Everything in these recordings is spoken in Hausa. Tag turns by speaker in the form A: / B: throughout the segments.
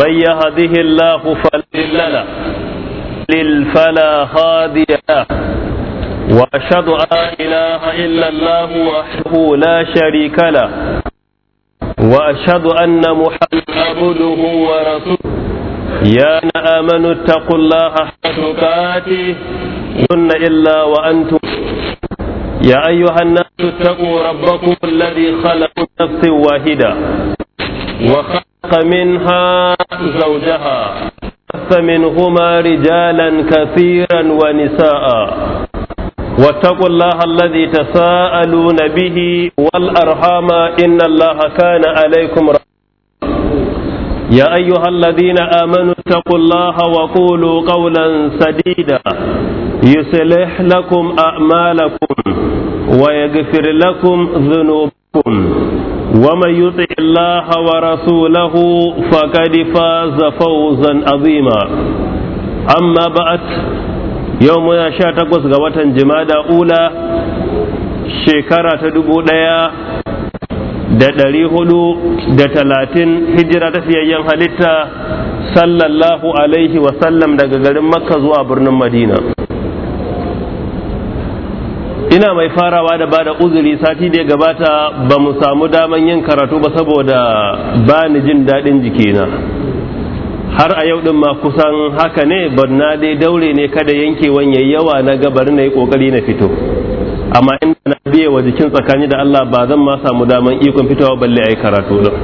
A: من يهده الله فلا مضل له فلا هادي له واشهد ان لا اله الا الله وحده لا شريك له واشهد ان محمدا عبده ورسوله يا أنا امنوا اتقوا الله حق تقاته كن الا وانتم يا ايها الناس اتقوا ربكم الذي خلق نفس واحده وخلق منها زوجها فمنهما رجالا كثيرا ونساء واتقوا الله الذي تساءلون به والأرحام إن الله كان عليكم رحمة يا أيها الذين آمنوا اتقوا الله وقولوا قولا سديدا يصلح لكم أعمالكم ويغفر لكم ذنوبكم ومن يطع الله ورسوله فقد فاز فوزا عظيما أما بعد يومنا شاتقوس غوة جمادى أولى شكرة دبوديا da ɗari hudu da talatin hijira ta fiyayyen halitta sallallahu alaihi wasallam daga garin makka zuwa birnin madina ina mai farawa da bada uzuri sati da ya gabata ba mu samu daman yin karatu ba saboda ba ni jin daɗin jikina har a yau ɗin ma kusan haka ne na dai daure ne kada yanke yayi yawa na gabar na yi kokari na fito amma inda na biye wa jikin tsakani da Allah ba zan ma samu daman ikon fitowa balle a yi karatu din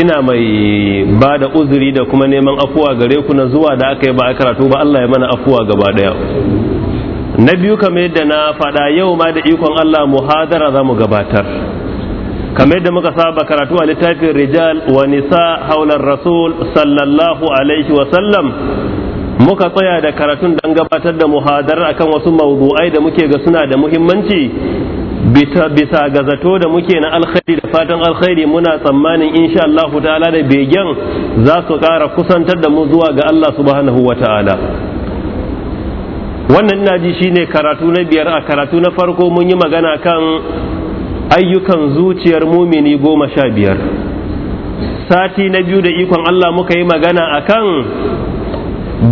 A: ina mai bada uzuri da kuma neman afuwa gare ku na zuwa da aka yi ba a karatu ba Allah ya mana afuwa gaba daya na biyu kamar yadda na faɗa yau ma da ikon Allah muhadara za mu gabatar kamar yadda muka saba karatu a littafin rijal wa nisa haular rasul sallallahu alaihi wa sallam muka tsaya da karatun don gabatar da muhadara akan wasu mawdu'ai da muke ga suna da muhimmanci bisa ga zato da muke na alkhairi da fatan alkhairi muna tsammanin insha Allah ta'ala da begen za su kara kusantar da mu zuwa ga Allah subhanahu wa ta'ala wannan ina ji shine karatu na biyar a karatu na farko mun yi magana kan ayyukan zuciyar mumini goma sha biyar sati na biyu da ikon Allah muka yi magana a kan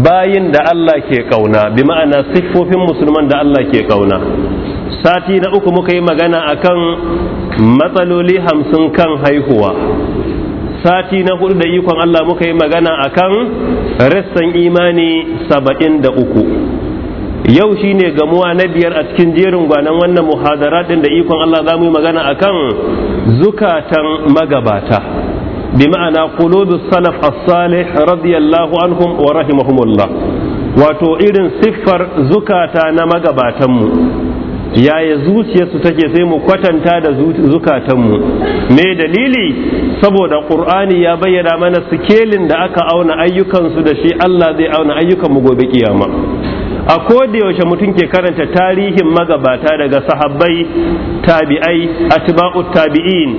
A: bayin da Allah ke kauna bi ma'ana siffofin musulman da Allah ke kauna sati na uku muka yi magana a kan matsaloli hamsin kan haihuwa sati na hudu da ikon Allah muka yi magana a kan rassan imani saba'in da uku yau shi ne gamuwa na biyar a cikin jerin gwanan wannan muhadara ɗin da ikon Allah za mu yi magana a kan zukatan magabata bi ma'ana qulubus salaf as-salih radiyallahu anhum wa rahimahumullah wato irin siffar zukata na magabatanmu yaya zuciyarsu take sai mu kwatanta da zukatanmu me dalili saboda ƙur'ani ya bayyana mana sikelin da aka auna ayyukansu da shi Allah zai auna ayyukanmu gobe kiyama a ko da yaushe mutum ke karanta tarihin magabata daga sahabbai tabi'ai atba'u tabi'in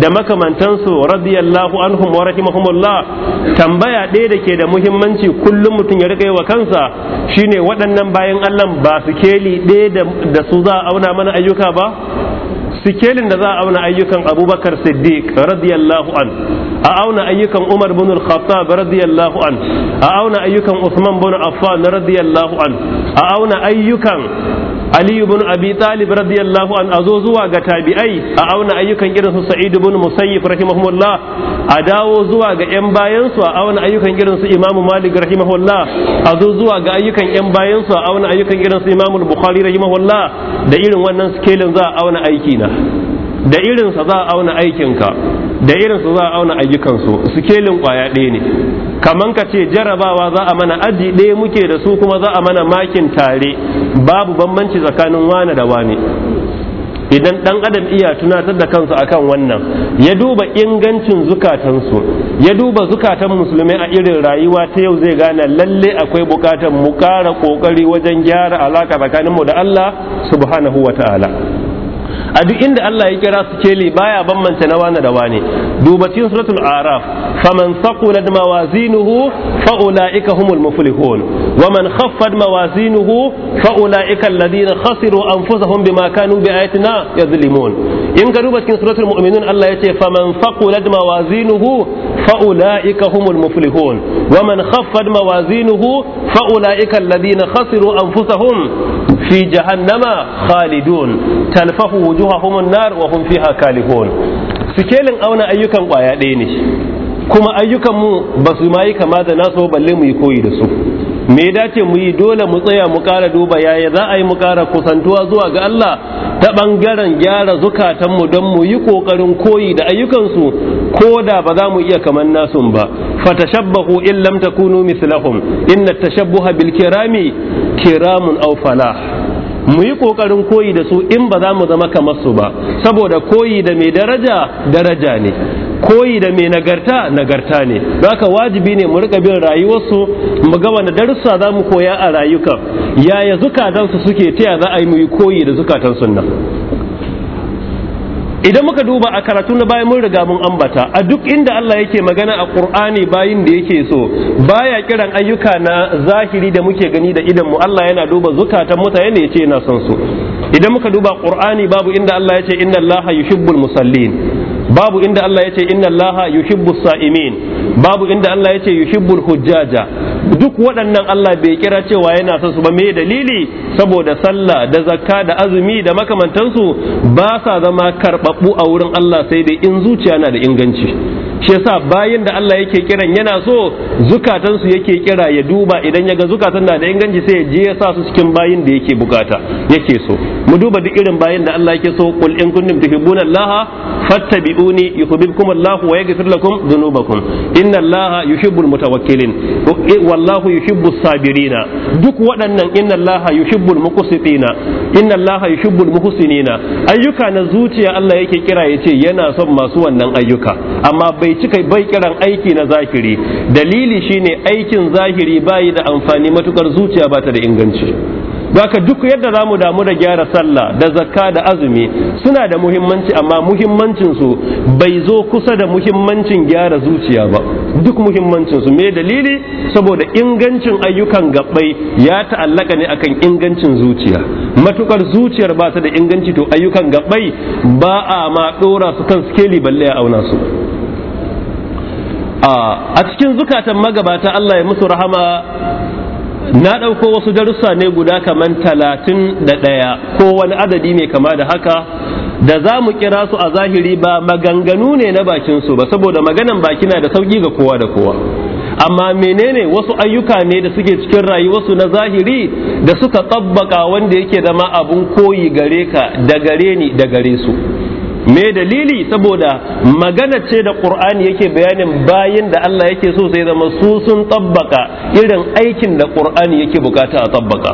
A: da makamantansu radiyallahu anhum wa rahimahumullah tambaya ɗaya da ke da muhimmanci kullum mutum ya rika yi wa kansa shine waɗannan bayan Allah ba su keli ɗaya da su za a auna mana ayyuka ba sikelin da za a auna ayyukan abubakar siddiq radiyallahu an a auna ayyukan umar bin al-khattab radiyallahu an a auna ayyukan usman bin affan radiyallahu an a auna ayyukan ali ibn abi talib radiyallahu an azo zuwa ga tabi'ai a auna ayyukan irin su sa'id ibn musayyib rahimahullah a dawo zuwa ga yan bayan su a auna ayyukan irin su imamu malik rahimahullah a zo zuwa ga ayyukan yan bayan su a auna ayyukan irin su imamu bukhari rahimahullah da irin wannan skelin za a auna aiki na da irinsa za a auna aikinka da irin su za a auna ayyukansu sikelin kwaya ɗaya ne kaman ka ce jarabawa za a mana aji ɗaya muke da su kuma za a mana makin tare babu bambanci tsakanin wane da wane idan ɗan adam iya tunatar da kansu akan wannan ya duba ingancin zukatansu ya duba zukatan musulmai a irin rayuwa ta yau zai gane lalle akwai bukatar mu kara kokari wajen gyara alaka tsakaninmu da Allah subhanahu wa a duk inda Allah ya kira su keli baya bambanta na wani da wani duba cikin suratul araf faman saqulat mawazinuhu fa ulaika humul muflihun wa man khaffat mawazinuhu fa ulaika alladhina khasiru anfusahum bima kanu biayatina yadhlimun in ka duba cikin suratul mu'minun Allah yace faman saqulat mawazinuhu fa ulaika humul muflihun wa man khaffat mawazinuhu fa ulaika alladhina khasiru anfusahum fi jahannama khalidun talfahu wujuhahumun nar wa hum fiha kalihun sikelin auna ayyukan kwaya ɗaya ne kuma ayyukan mu ba su ma kama da nasu balle mu yi koyi da su me dace mu yi dole mu tsaya mu kara duba yaya za a yi mu kara kusantuwa zuwa ga Allah ta ɓangaren gyara zukatanmu don mu yi ƙoƙarin koyi da ayyukansu ko da ba za mu iya kamar nasu ba fatashabbahu in lam takunu mislahum inna tashabbuha bil kirami kiramun aw falah mu yi kokarin koyi da su in ba za mu zama kamar su ba saboda koyi da mai daraja daraja ne koyi da mai nagarta nagarta ne haka wajibi ne mu rika bin rayuwarsu mu ga wanda darussa za mu koya a rayuka yaya zukatansu suke taya za a yi mu yi koyi da zukatan sunna idan muka duba a karatu na bayan mun riga mun ambata a duk inda Allah yake magana a Qur'ani bayin da yake so baya kiran ayyuka na zahiri da muke gani da idan mu Allah yana duba zukatan mutane ne yace ina son su idan muka duba Qur'ani babu inda Allah yace innal Allah yuhibbul musallin babu inda Allah ya ce inna Allah yuhibbu sa'imin babu inda Allah ya ce yuhibbul hujjaja duk waɗannan Allah bai kira cewa yana son su ba me dalili saboda sallah da zakka da azumi da makamantansu ba sa zama karɓaɓɓu a wurin Allah sai dai in zuciya na da inganci shi yasa bayan da Allah yake kiran yana so zukatansu yake kira ya duba idan yaga zukatan na da inganci sai ya je ya sa su cikin bayin da yake bukata yake so mu duba duk irin bayin da Allah yake so qul in kuntum tuhibbuna Allah fattabi'uni yuhibbukum Allah wa yaghfir lakum dhunubakum inna Allah yuhibbul mutawakkilin wallahu yuhibbus sabirina duk waɗannan inna Allah yuhibbul muqsitina inna Allah yuhibbul muhsinina ayyuka na zuciya Allah yake kira yace yana son masu wannan ayyuka amma bai cika bai kiran aiki na zahiri dalili shine aikin zahiri bayi da amfani matukar zuciya ba ta da inganci Baka duk yadda za mu damu da gyara sallah da zakka da azumi suna da muhimmanci amma muhimmancinsu bai zo kusa da muhimmancin gyara zuciya ba duk muhimmancinsu me dalili saboda ingancin ayyukan gabbai ya ta'allaka ne akan ingancin zuciya matukar zuciyar ba ta da inganci to ayyukan gabbai ba a ma dora su kan skeli balle ya auna su a cikin zukatan magabata Allah ya musu rahama na ɗauko wasu darussa ne guda kaman talatin da ɗaya ko wani adadi mai kama da haka da za mu kira su a zahiri ba maganganu ne na bakinsu ba saboda maganan baki na da sauƙi ga kowa da kowa amma menene wasu ayyuka ne da suke cikin rayuwarsu na zahiri da suka tabbaka wanda yake zama abun koyi gare ka da gare ni da gare su me dalili saboda magana ce da qur'ani yake bayanin bayin da Allah yake so sai zama su sun tabbaka irin aikin da qur'ani yake bukata a tabbaka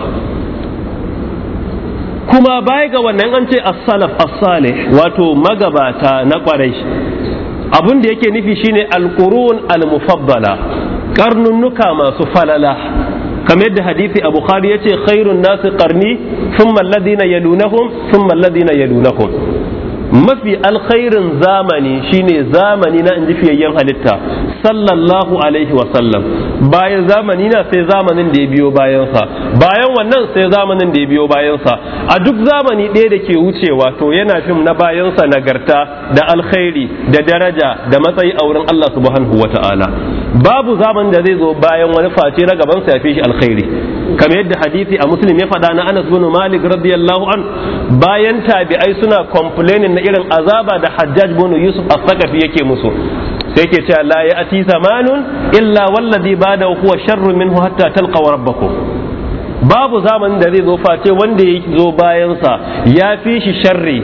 A: kuma baya ga wannan an ce as-salaf as-salih wato magabata na kwarai abin da yake nufi shine al-qurun al-mufaddala karnunnuka masu falala kamar yadda hadisi a bukhari yace khairun nasi qarni thumma alladhina yalunahum thumma alladhina yalunahum mafi alkhairin zamani shine zamani na inji fiyayyen halitta sallallahu alaihi wa sallam bayan zamani na sai zamanin da ya biyo bayansa bayan wannan sai zamanin da ya biyo bayansa a duk zamani ɗaya da ke wucewa to yana fim na bayansa nagarta da alkhairi da daraja da matsayi a wurin Allah subhanahu wa ta'ala babu zaman da zai zo bayan wani face na gaban sa ya fi shi alkhairi kamar yadda hadisi a muslim ya faɗa na Anas bin Malik radiyallahu an bayan tabi'ai suna complaining na irin azaba da Hajjaj bin Yusuf as sakafi yake musu sai yake cewa la ya'ti zamanun illa wallazi bada huwa sharrun minhu hatta talqa rabbakum babu zamanin da zai zo face wanda ya zo bayansa ya fi shi sharri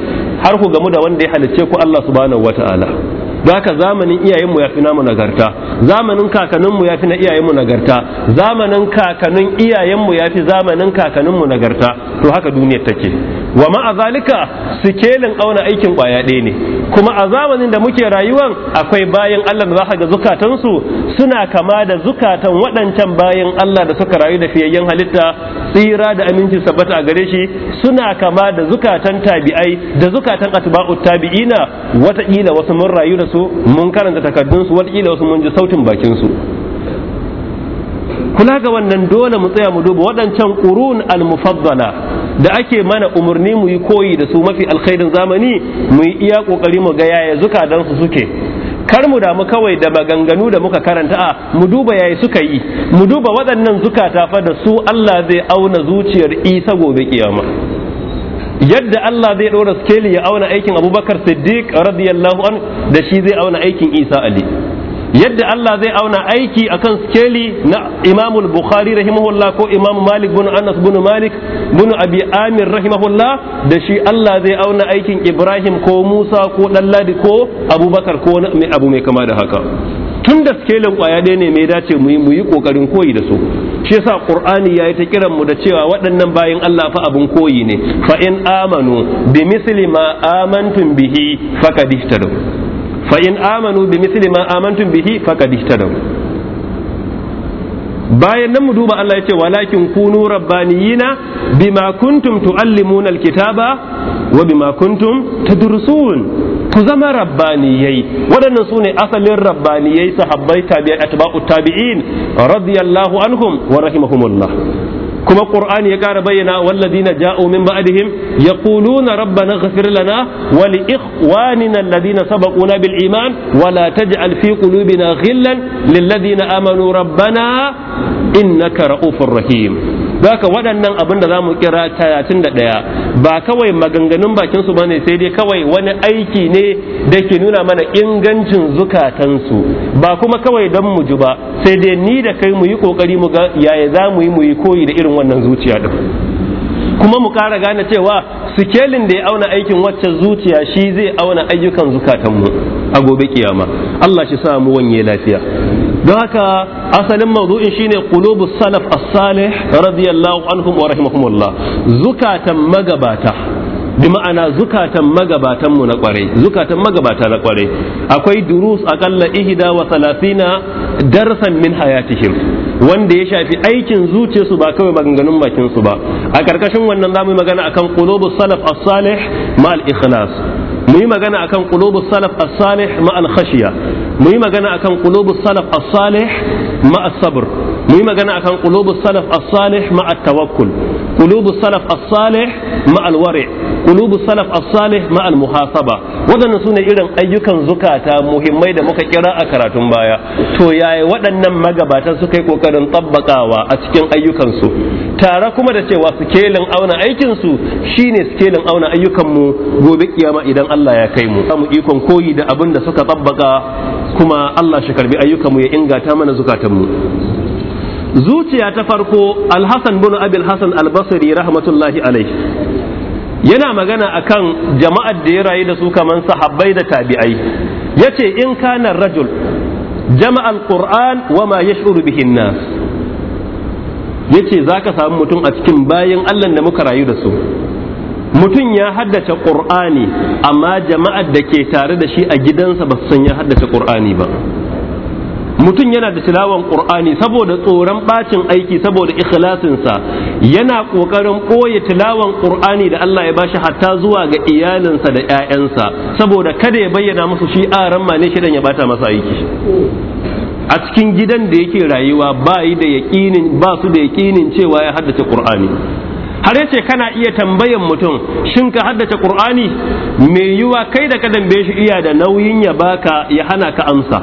A: har ku gamu da wanda ya halicce ku Allah subhanahu wataala don haka zamanin iyayenmu ya fi namu nagarta zamanin kakanninmu ya fi na iyayenmu nagarta zamanin kakannin iyayenmu ya fi zamanin kakanninmu nagarta to haka duniyar take wa ma'a zalika sikelin auna aikin kwaya ɗaya ne kuma a zamanin da muke rayuwan akwai bayan Allah da za ga zukatansu suna kama da zukatan waɗancan bayan Allah da suka rayu da fiyayyen halitta tsira da aminci sabata a gare shi suna kama da zukatan tabi'ai da zukatan atba'u tabi'ina wataƙila wasu mun rayu da su mun karanta takardunsu wataƙila wasu mun ji sautin bakinsu kula ga wannan dole mu tsaya mu duba waɗancan ƙurun al-mufaddala da ake mana umarni mu yi koyi da su mafi alkhairin zamani mu yi iya kokari mu ga yaya dan su suke kar mu damu kawai da maganganu da muka karanta a mu duba yayi suka yi mu duba waɗannan zukata fa da su Allah zai auna zuciyar Isa gobe kiyama yadda Allah zai ɗora skeli ya auna aikin Abubakar Siddiq radiyallahu an da shi zai auna aikin Isa Ali yadda Allah zai auna aiki akan skeli na Imam Bukhari rahimahullah ko Imam Malik bin Anas bin Malik bin Abi Amir rahimahullah da shi Allah zai auna aikin Ibrahim ko Musa ko Dalladi ko Abubakar ko wani abu mai kama da haka tun da skelin kwaya ɗaya ne mai dace mu yi mu yi kokarin koyi da su shi yasa qur'ani yayi ta kiran mu da cewa waɗannan bayin Allah fa abun koyi ne fa in amanu bi misli ma amantum bihi faqad fa in amanu bi misli ma amantum bihi faqad ihtadaw bayan nan mu duba Allah ya ce walakin kunu rabbaniyina bima kuntum tuallimuna alkitaba wa bima kuntum tadrusun ku zama rabbaniyai waɗannan su ne asalin rabbaniyai sahabbai tabi'ai atba'u tabi'in radiyallahu anhum wa rahimahumullah kuma qur'ani ya kara bayyana walladina ja'u min ba'dihim yaquluna rabbana ighfir lana wa li ikhwanina alladhina sabaquna bil iman wa la taj'al fi qulubina ghillan lil ladina amanu rabbana innaka ra'ufur rahim zaka waɗannan abin da zamu kira da ɗaya ba kawai maganganun bakin su bane sai dai kawai wani aiki ne da ke nuna mana ingancin zukatansu ba kuma kawai don mu ji ba sai dai ni da kai mu yi kokari mu ga yaya za mu yi mu yi koyi da irin wannan zuciya din kuma mu ƙara gane cewa sikelin da ya auna aikin wacce zuciya shi zai auna ayyukan zukatanmu a gobe kiyama Allah shi sa mu wanye lafiya don haka asalin mawdu'in shine qulubus salaf as-salih radiyallahu anhum wa rahimahumullah zukatan magabata bi ma'ana zukatan magabatan mu na kwarai zukatan magabata na kwarai akwai durus akalla ihda wa thalathina darsan min hayatihim wanda ya shafi aikin zuciyarsu ba kawai maganganun bakin su ba a karkashin wannan zamu yi magana akan qulubus salaf as-salih ma al-ikhlas mu yi magana akan qulubus salaf as-salih ma al-khashiya mu yi magana akan qulubus salaf as-salih ma as-sabr muyi magana akan qulubus salaf as-salih ma at-tawakkul qulubus salaf as-salih ma al-wari qulubus salaf as-salih ma al-muhasaba wadannan sune irin ayyukan zukata muhimmai da muka kira a karatun baya to yaya waɗannan magabata suka yi kokarin tabbakawa a cikin ayyukan su tare kuma da cewa sikelin auna aikin su shine sikelin auna ayyukan mu gobe kiyama idan Allah ya kai mu mu ikon koyi da abin da suka tabbaka kuma Allah shi karbi ayyukan mu ya ingata mana zukatan mu zuciya ta farko alhassan bin abil hassan albasri rahmatullahi alaihi yana magana akan jama'ar da ya rayu da su kaman sahabbai da tabi'ai yace in kana rajul jama'a alquran wa ma yash'uru bihin nas yace zaka samu mutum a cikin bayin Allah da muka rayu da su mutum ya haddace qur'ani amma jama'ar da ke tare da shi a gidansa ba su san ya haddace qur'ani ba mutum yana da tilawan ƙur'ani saboda tsoron bacin aiki saboda ikhlasinsa yana ƙoƙarin ɓoye tilawan ƙur'ani da Allah ya bashi hatta zuwa ga iyalinsa da 'ya'yansa, saboda kada ya bayyana musu shi aran ma ne shidan ya bata masa aiki a cikin gidan da yake rayuwa ba da yaƙinin su da yaƙinin cewa ya haddace ƙur'ani. har yace kana iya tambayan mutum shin ka haddace qur'ani mai yiwa kai da ka dambe shi iya da nauyin ya baka ya hana ka amsa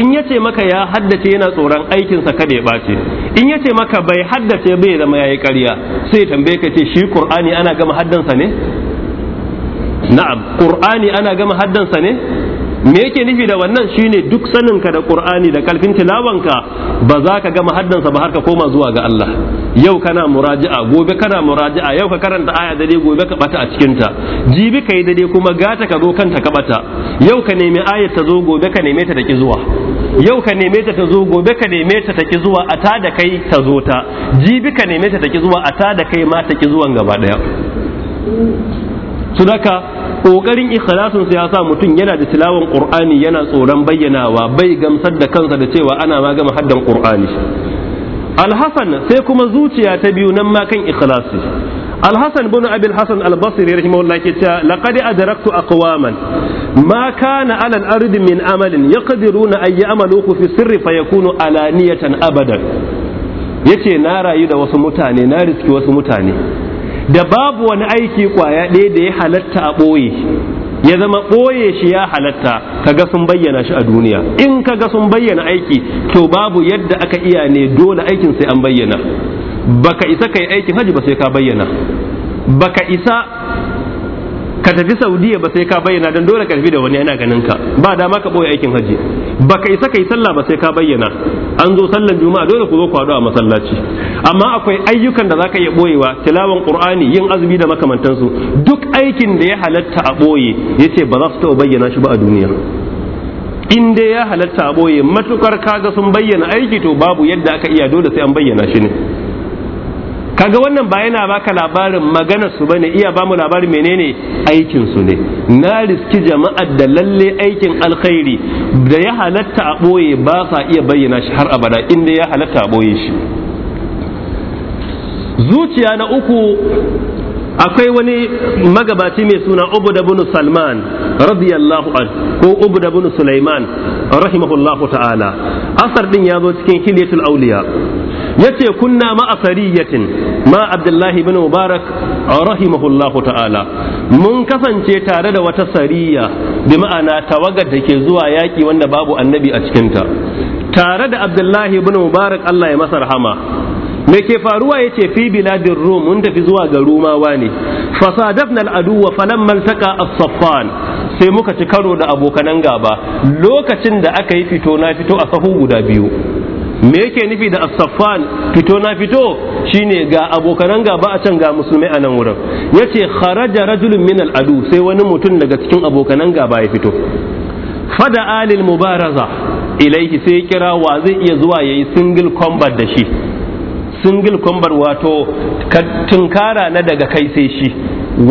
A: in yace maka ya haddace yana tsoron aikinsa kada ya bace in yace maka bai haddace bai zama yayi ƙarya sai tambaye ka ce shi qur'ani ana gama haddansa ne na'am qur'ani ana gama haddansa ne me yake nufi da wannan shine duk saninka da qur'ani da kalfin tilawanka ba za ka gama haddansa ba har ka koma zuwa ga Allah yau kana muraji'a gobe kana muraji'a yau ka karanta aya da dai gobe ka bata a cikin ta jibi kai dai kuma gata ka zo kanta ka bata yau ka nemi ayat ta zo gobe ka neme ta da ki zuwa yau ka neme ta ta zo gobe ka neme ta ta ki zuwa a ta da kai ta zo ta jibi ka neme ta ta ki zuwa a ta da kai ma ta ki zuwan gaba daya su kokarin ikhlasin sa ya sa mutum yana da tilawan qur'ani yana tsoron bayyanawa bai gamsar da kansa da cewa ana magana gama haddan qur'ani alhasan sai kuma zuciya ta biyu nan ma kan ikhlasi alhasan bin abil hasan albasri rahimahullah ke cewa laqad adraktu aqwaman ma kana ala al-ard min amalin yaqdiruna ay ya'maluhu fi sirri fayakunu alaniyatan abadan yace na rayu da wasu mutane na riski wasu mutane da babu wani aiki kwaya ɗaya da ya halatta a ɓoye ya zama ɓoye shi ya halatta kaga sun bayyana shi a duniya in ka ga sun bayyana aiki to babu yadda aka iya ne dole aikin sai an bayyana baka isa kai aikin haji ba sai ka bayyana baka isa ka tafi saudiya ba sai ka bayyana don dole karfi da wani yana ganin ka ba dama ka boye aikin haji ba isa ka yi sallah ba sai ka bayyana an zo sallar juma'a dole ku zo ku a masallaci amma akwai ayyukan da za ka iya boyewa tilawan qur'ani yin azumi da makamantansu duk aikin da ya halatta a boye yace ba za su taɓa bayyana shi ba a duniya in dai ya halatta a boye matukar kaga sun bayyana aiki to babu yadda aka iya dole sai an bayyana shi ne kaga wannan ba yana baka labarin magana su bane iya bamu labarin menene aikin su ne na riski jama'ar da lalle aikin alkhairi da ya halatta a boye ba sa iya bayyana shi har abada inda ya halatta a boye shi zuciya na uku akwai wani magabaci mai suna da bin Salman radiyallahu an ko da bin Sulaiman rahimahullahu ta'ala asar din ya zo cikin Hilyatul Auliya yace kunna ma asariyatin ma abdullahi ibn mubarak rahimahullahu ta'ala mun kasance tare da wata sariya bi ma'ana tawagar da ke zuwa yaki wanda babu annabi a cikinta tare da abdullahi ibn mubarak Allah ya masa rahama me ke faruwa yace fi biladir rum mun tafi zuwa ga ruma ne fasadafna al'adu wa falamma maltaka as-saffan sai muka ci karo da abokanan gaba lokacin da aka yi fito na fito a sahu guda biyu me yake nufi da as fito na fito shine ga abokanan gaba a can ga musulmai a nan wurin yace kharaja rajulun min al-adu sai wani mutum daga cikin abokanan gaba ya fito fada alil mubaraza ilaihi sai kira wa zai iya zuwa yayi single combat da shi single combat wato tunkara na daga kai sai shi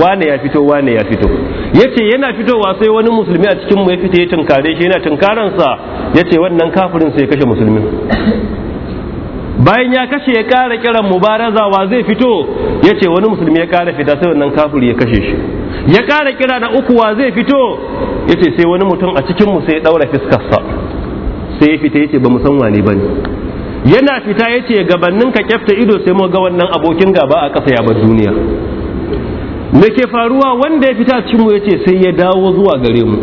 A: wane ya fito wane ya fito yace yana fitowa sai wani musulmi a cikin mu ya fita ya tunkare shi yana tunkaransa yace wannan kafirin sai ya kashe musulmin bayan ya kashe ya ƙara kiran wa zai fito ya ce wani musulmi ya ƙara fita sai wannan kafir ya kashe shi ya ƙara kira na uku wa zai fito ya ce sai wani mutum a cikinmu sai ya ɗaura fiskarsa sai ya fita ya ce ba mu san wane ba ne yana fita ya ce gabannin ka kyafta ido sai mu ga wannan abokin gaba a ƙasa ya bar duniya me ke faruwa wanda ya fita cikin mu yace sai ya dawo zuwa gare mu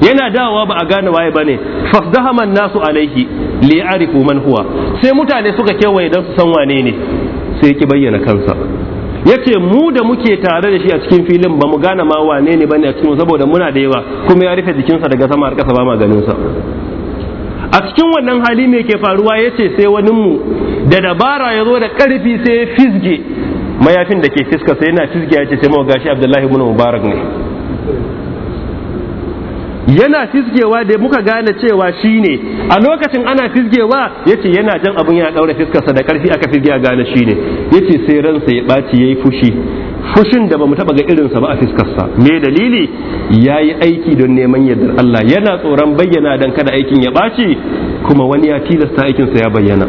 A: yana dawowa ba a gane waye bane fasdahaman nasu alaihi li ya'rifu man huwa sai mutane suka kewaye dan su san wane ne sai ki bayyana kansa yace mu da muke tare da shi a cikin filin ba mu gane ma wane ne bane a cikin saboda muna da yawa kuma ya rufe jikinsa daga sama har kasa ba ma ganin sa a cikin wannan hali me ke faruwa ya sai wani mu da dabara ya zo da karfi sai ya fizge mayafin da ke fiska sai yana ya ce sai mawa gashi abdullahi ibn mubarak ne yana fisgewa da muka gane cewa shi ne a lokacin ana fisgewa ya ce yana jan abin ya ɗaura fiskarsa da ƙarfi aka fisge a gane shi ne ya ce sai ransa ya ɓaci ya yi fushi fushin da ba mu taɓa ga irinsa ba a fiskarsa me dalili ya yi aiki don neman yardar Allah yana tsoron bayyana don kada aikin ya ɓaci kuma wani ya tilasta aikinsa ya bayyana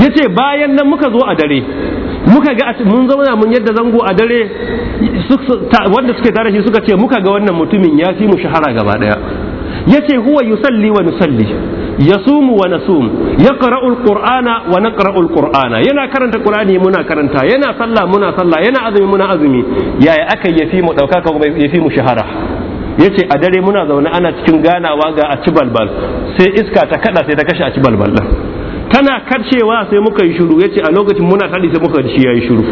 A: yace bayan nan muka zo a dare muka ga mun zauna mun yadda zango a dare wanda suke tare shi suka ce muka ga wannan mutumin ya fi mu shahara gaba daya yace huwa yusalli wa nusalli yasumu wa nasum yaqra'u alqur'ana wa naqra'u alqur'ana yana karanta qur'ani muna karanta yana sallah muna sallah yana azumi muna azumi yaya aka yafi mu dauka kuma yafi mu shahara yace a dare muna zaune ana cikin ganawa ga a ci sai iska ta kada sai ta kashe a ci balbal tana karcewa sai muka yi shiru yace a lokacin muna tadi sai muka shi yayi shuru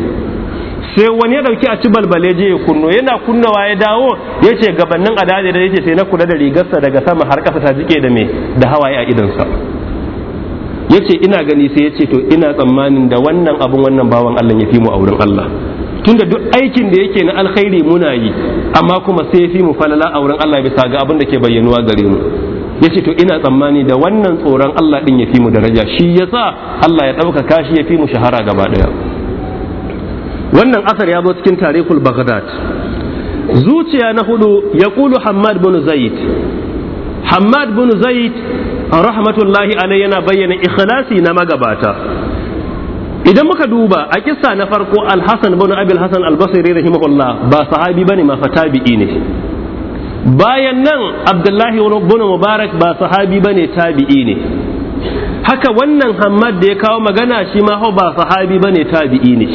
A: sai wani ya dauki a ci balbale je ya kunno yana kunnawa ya dawo yace gabannin adade da yace sai na kula da rigarsa daga sama har kasa ta jike da me da hawaye a idansa yace ina gani sai yace to ina tsammanin da wannan abun wannan bawan Allah ya fi mu a wurin Allah tunda duk aikin da yake na alkhairi muna yi amma kuma sai ya fi mu falala a wurin Allah bisa ga abin da ke bayyanuwa gare mu ya ce to ina tsammani da wannan tsoron Allah ɗin ya fi mu daraja shi ya sa Allah ya ɗaukaka shi ya fi mu shahara gaba ɗaya wannan asar ya zo cikin tarihul baghdad zuciya na hudu ya kulu hamad bin zaid hamad bin zaid rahmatullahi alai yana bayyana ikhlasi na magabata idan muka duba a kissa na farko alhassan bin abil hassan albasiri rahimahullah ba sahabi bane ma fatabi'i ne bayan nan abdullahi bin mubarak ba sahabi ne tabi'i ne haka wannan hammad da ya kawo magana shi ma ba sahabi bane tabi'i ne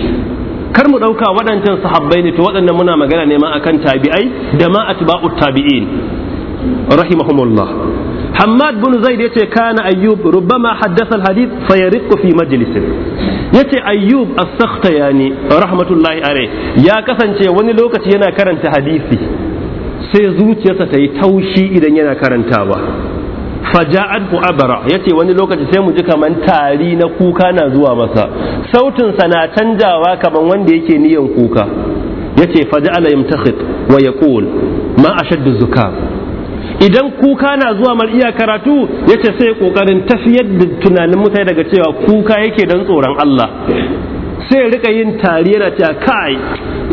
A: kar mu ɗauka waɗancan sahabbai ne to waɗannan muna magana ne ma akan tabi'ai da ma atba'u tabi'in rahimahumullah hammad bin zaid yace kana ayyub rubbama haddasa alhadith fayariqu fi majlisin yace ayyub as-sakhtayani rahmatullahi alayh ya kasance wani lokaci yana karanta hadisi sai zuciyarsa ta yi taushi idan yana karantawa faja'at ya yace wani lokaci sai mu ji kaman tari na kuka na zuwa masa sautin sa na canjawa kaman wanda yake niyan kuka yace faja'ala yamtakhit wa yaqul ma ashaddu zukam idan kuka na zuwa mar iya karatu yace sai kokarin tafiyar da tunanin mutai daga cewa kuka yake dan tsoron Allah sai rika yin tari yana cewa kai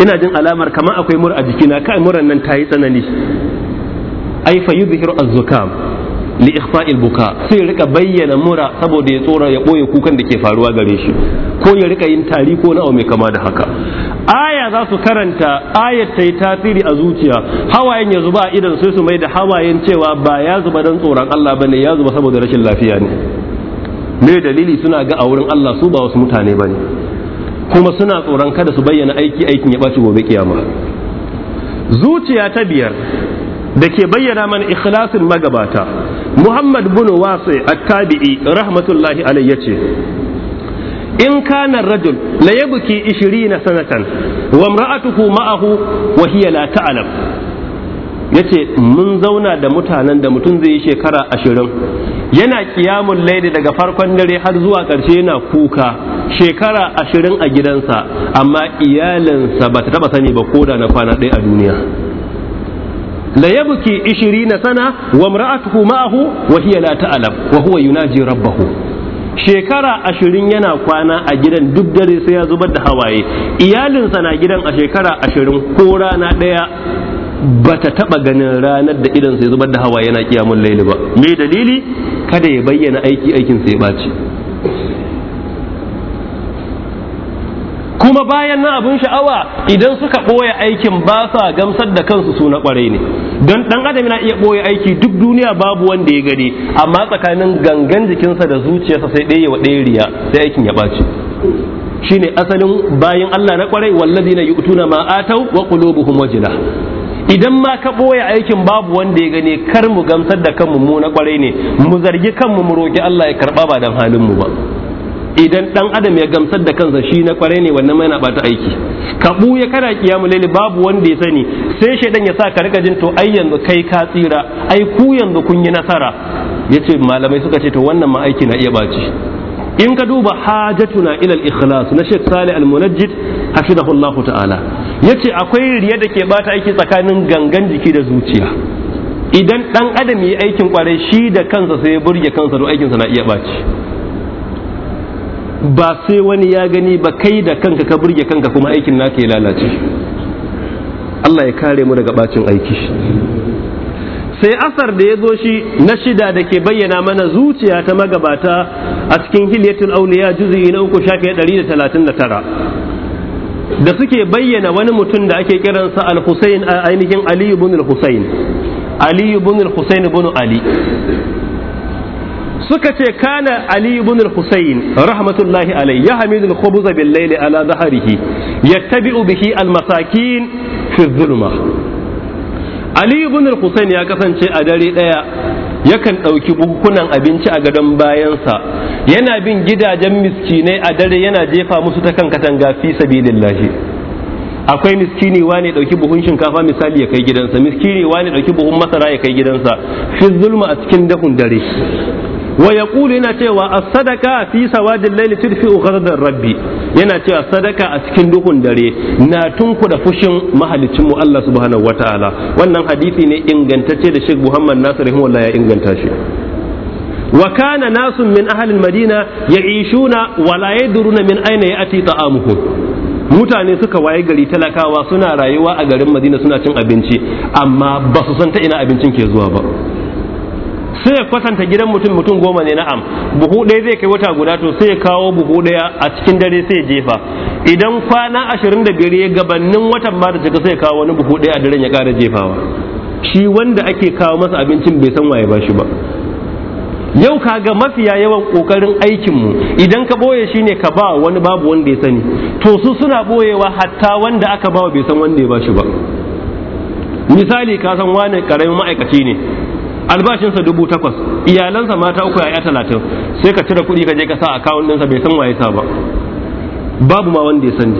A: ina jin alamar kamar akwai mura a jikina kai muran nan ta yi tsanani ai fa yuzhiru az-zukam li ikhfa'il buka sai rika bayyana mura saboda ya tsora ya boye kukan da ke faruwa gare shi ko ya rika yin tari ko na mai kama da haka aya za su karanta ayat ta tasiri a zuciya hawayen ya zuba a idan sai su mai da hawayen cewa ba ya zuba don tsoron Allah bane ya zuba saboda rashin lafiya ne me dalili suna ga a wurin Allah su ba wasu mutane bane kuma suna tsoron kada su bayyana aiki aikin ya ɓaci gobe kiyama zuciya ta biyar da ke bayyana mana ikhlasin magabata muhammad bin wasi at-tabi'i rahmatullahi alayhi yace in kana rajul la yabki 20 sanatan wa imra'atuhu ma'ahu wa hiya la ta'lam yace mun zauna da mutanen da mutum zai yi shekara ashirin yana kiyamun laidi daga farkon dare har zuwa ƙarshe yana kuka shekara ashirin a gidansa amma iyalinsa ba ta taɓa sani ba koda na kwana ɗaya a duniya la yabki 20 sana wa mra'atuhu ma'ahu wa hiya la ta'lam wa huwa yunaji rabbahu shekara ashirin yana kwana a gidan duk dare sai ya zubar da hawaye iyalinsa na gidan a shekara ashirin ko rana ɗaya ba ta taɓa ganin ranar da idan sai zubar da hawa yana kiyamun laili ba me dalili kada ya bayyana aiki aikin sai ɓaci kuma bayan na abin sha'awa idan suka ɓoye aikin ba sa gamsar da kansu suna kwarai ƙwarai ne don ɗan adam yana iya ɓoye aiki duk duniya babu wanda ya gani amma tsakanin gangan jikinsa da zuciyarsa sai ɗaya wa ɗaya riya sai aikin ya ɓaci shine asalin bayan Allah na ƙwarai na yu'tuna ma ma'atau wa qulubuhum wajila idan ma ka ɓoye aikin babu wanda ya gane kar mu gamsar da kanmu mu na kwarai ne mu zargi kanmu mu roki Allah ya karba ba dan halin mu ba idan dan adam ya gamsar da kansa shi na kwarai ne wannan yana bata aiki ka buya kana kiyamu laili babu wanda ya sani sai shaidan ya sa ka rika jin to ai yanzu kai ka tsira ai ku yanzu kun yi nasara yace malamai suka ce to wannan ma aiki na iya baci in ka duba hajatuna ila al-ikhlas na shek Salih al-Munajjid hafizahullahu ta'ala ya ce akwai riya da ke bata aiki tsakanin gangan jiki da zuciya idan dan adam yi aikin kwarai shi da kansa sai ya burge kansa don aikinsa na iya ɓaci ba sai wani ya gani ba kai da kanka ka burge kanka kuma aikin naka ya lalace Allah ya kare mu daga bacin aiki sai asar da ya zo shi na shida da ke bayyana mana zuciya ta magabata a cikin hilyatul auliya juzuyi na uku shafi 139 da suke bayyana wani mutum da ake kiransa al-Husayn a ainihin Ali ibn al-Husayn Ali ibn al-Husayn ibn Ali suka ce kana Ali ibn al-Husayn rahmatullahi alayhi ya hamidu al-khubuz bil layli ala dhahrihi yattabi'u bihi al-masakin fi dhulma Ali ibn al-Husayn ya kasance a dare daya yakan ɗauki bukukunan abinci a gadon bayansa yana bin gidajen miskinai a dare yana jefa musu ta kan katanga fi sabilillahi akwai miskini ne ɗauki buhun shinkafa misali ya kai gidansa miskini ne ɗauki buhun masara ya kai gidansa fi zulma a cikin dahun dare wa yaqulu yana cewa as-sadaqa fi sawadil layli tudfi'u ghadab rabbi yana cewa sadaka a cikin duhun dare na tunkuda fushin mahalicin mu Allah subhanahu wataala wannan hadisi ne ingantacce da Sheikh Muhammad Nasir rahimahullah ya inganta shi wa kana nasun min ahli al-madina ya'ishuna wa la yadruna min ayna ya'ti ta'amuhum mutane suka waye gari talakawa suna rayuwa a garin madina suna cin abinci amma ba su san ta ina abincin ke zuwa ba sai ya kwatanta gidan mutum mutum goma ne na'am buhu ɗaya zai kai wata guda to sai ya kawo buhu ɗaya a cikin dare sai ya jefa idan kwana ashirin da biyar ya gabanin watan ma da cika sai ya kawo wani buhu ɗaya a daren ya ƙara jefawa shi wanda ake kawo masa abincin bai san waye ba shi ba yau kaga mafiya yawan kokarin aikinmu idan ka boye shi ne ka ba wani babu wanda ya sani to su suna boyewa hatta wanda aka ba bai san wanda ya ba shi ba misali ka san wani karamin ma'aikaci ne albashinsa dubu takwas iyalansa mata uku yaya talatin sai ka cire kuɗi ka je ka sa akawun ɗinsa bai san waye sa ba babu ma wanda ya sani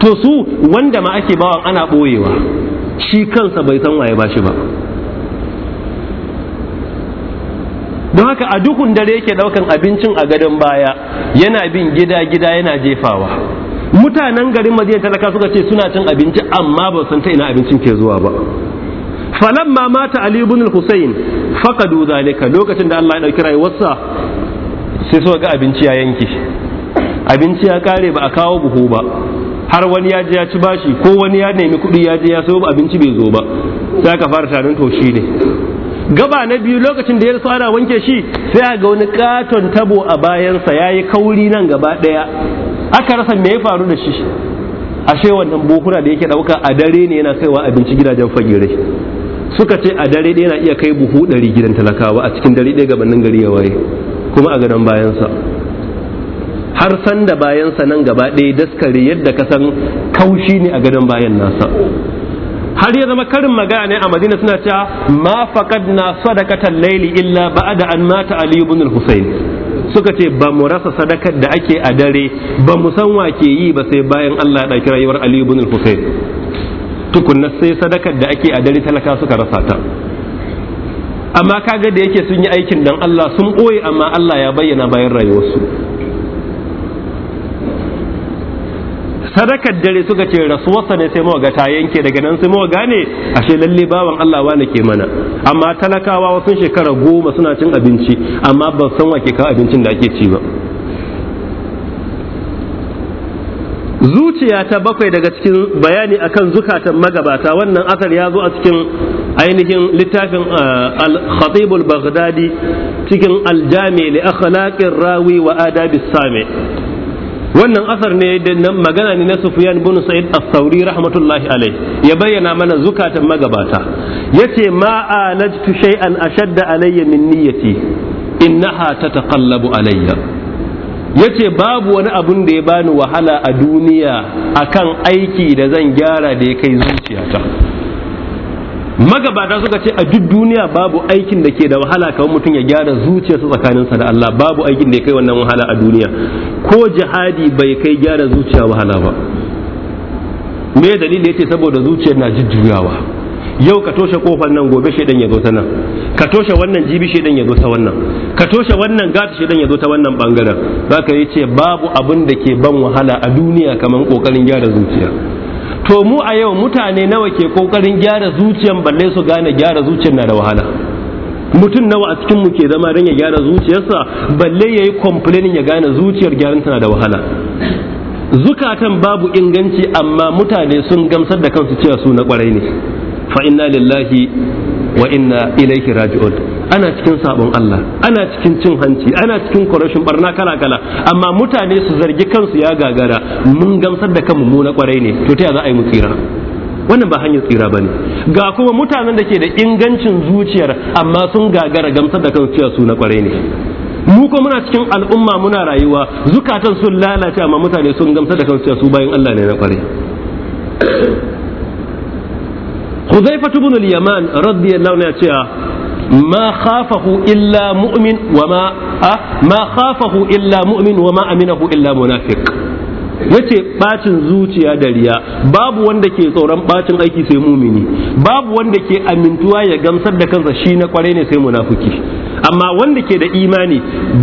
A: to su wanda ma ake bawa ana ɓoyewa shi kansa bai san waye ba shi ba don haka a duhun dare yake ɗaukan abincin a gadon baya yana bin gida gida yana jefawa mutanen garin madina talaka suka ce suna cin abinci amma ba san ta ina abincin ke zuwa ba falamma mata ali ibn al-husayn faqadu zalika lokacin da Allah ya dauki rayuwarsa sai suka ga abinci ya yanke abinci ya kare ba a kawo buhu ba har wani ya je ya ci bashi ko wani ya nemi kuɗi ya je ya sayo abinci bai zo ba sai ka fara tarin to shi ne gaba na biyu lokacin da ya rasu ana wanke shi sai a ga wani katon tabo a bayansa ya yi kauri nan gaba ɗaya aka rasa me ya faru da shi ashe wannan bokuna da yake ɗauka a dare ne yana kaiwa abinci gidajen fagirai suka ce a dare ɗaya na iya kai buhu ɗari gidan talakawa a cikin dare ɗaya gabanin gari ya waye kuma a gadon bayansa har san da bayansa nan gaba ɗaya daskare yadda ka san kaushi ne a gadon bayan nasa har ya zama karin magana ne a madina suna cewa ma faqad na sadaqatan layli illa ba'da an mata Aliyu ibn al-husayn suka ce ba mu rasa sadakar da ake a dare ba mu san wa ke yi ba sai bayan Allah ya ɗauki rayuwar Aliyu ibn al tukunna sai sadakar da ake a dare talaka suka rasa ta amma kaga da yake sun yi aikin dan Allah sun ɓoye amma Allah ya bayyana bayan rayuwarsu sadakar dare suka ce rasuwarsa ne sai mawa ta yanke daga nan sai mawa ne ashe lalle bawan Allah wane ke mana amma talakawa wasu shekara goma suna cin abinci amma ban san wa ke kawo abincin da ake ci ba zuciya ta bakwai daga cikin bayani akan zukatan magabata wannan asar ya zo a cikin ainihin littafin uh, al-khatibul baghdadi cikin aljami li akhlaqir rawi wa adabis sami wannan asar ne magana ne na sufyan bin sa'id as-sauri rahmatullahi alayh ya bayyana mana zukatan magabata yace ma alajtu shay'an ashadda alayya min niyyati innaha tataqallabu alayya Ya ce babu wani abun da ya bani wahala a duniya akan aiki da zan gyara da ya kai zuciyata magabata suka ce a duk duniya babu aikin da ke da wahala kawai mutum ya gyara zuciyarsa tsakaninsa da Allah babu aikin da ya kai wannan wahala a duniya ko jihadi bai kai gyara zuciya wahala ba me dalili ce saboda zuciyar na jujjuyawa yau ka toshe kofar nan gobe shedan ya zo ta nan ka toshe wannan jibi shedan ya zo ta wannan ka toshe wannan gata shedan ya zo ta wannan bangaren zaka yi ce babu abin da ke ban wahala a duniya kamar kokarin gyara zuciya to mu a yau mutane nawa ke kokarin gyara zuciyan balle su gane gyara zuciyar na da wahala mutum nawa a cikin mu ke zama don ya gyara zuciyarsa balle yayi complaining ya gane zuciyar gyaran tana da wahala zukatan babu inganci amma mutane sun gamsar da kansu cewa su na kwarai ne fa inna lillahi wa inna ilaihi raji'un ana cikin sabon Allah ana cikin cin hanci ana cikin corruption barna kala kala amma mutane su zargi kansu ya gagara mun gamsar da kanmu mu na kwarai ne to ta za a yi mu tsira wannan ba hanyar tsira bane ga kuma mutanen da ke da ingancin zuciyar amma sun gagara gamsar da kansu cewa su na kwarai ne mu ko muna cikin al'umma muna rayuwa zukatan sun lalace amma mutane sun gamsar da kansu cewa su bayan Allah ne na kwarai Huzaifa tubun al-Yaman radiyallahu anhu cewa ma khafahu illa mu'min wa ma a ma khafahu illa mu'min wa ma aminahu illa munafiq yace bacin zuciya da riya babu wanda ke tsoron bacin aiki sai mumini babu wanda ke amintuwa ya gamsar da kansa shi na kwarai ne sai munafiki amma wanda ke da imani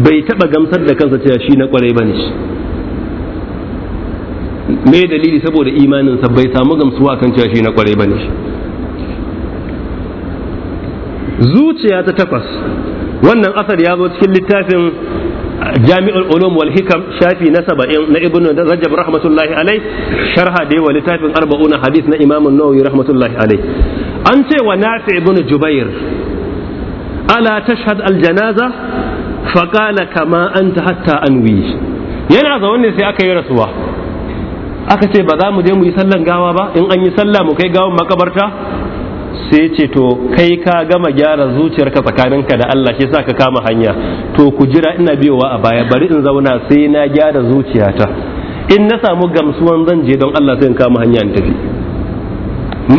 A: bai taba gamsar da kansa cewa shi na kwarai bane shi me dalili saboda imanin sa bai samu gamsuwa kan cewa shi na kwarai bane shi zuciya ta takwas wannan asar ya zo cikin littafin jami'ul ulum wal hikam shafi na saba'in na ibnu rajab rahmatullahi alai sharha da yawa littafin arba'una hadith na imam nawawi rahmatullahi alai an ce wa nafi ibnu jubair ala tashhad al janaza fa qala kama anta hatta anwi yana zaune sai aka yi rasuwa aka ce ba za mu je mu yi sallan gawa ba in an yi sallah mu kai gawan makabarta sai ce to kai ka gama gyara zuciyarka tsakaninka da Allah shi sa ka kama hanya to ku jira ina biyowa a baya bari in zauna sai na gyara zuciyata in na samu gamsuwan zan je don Allah sai in kama hanya in tafi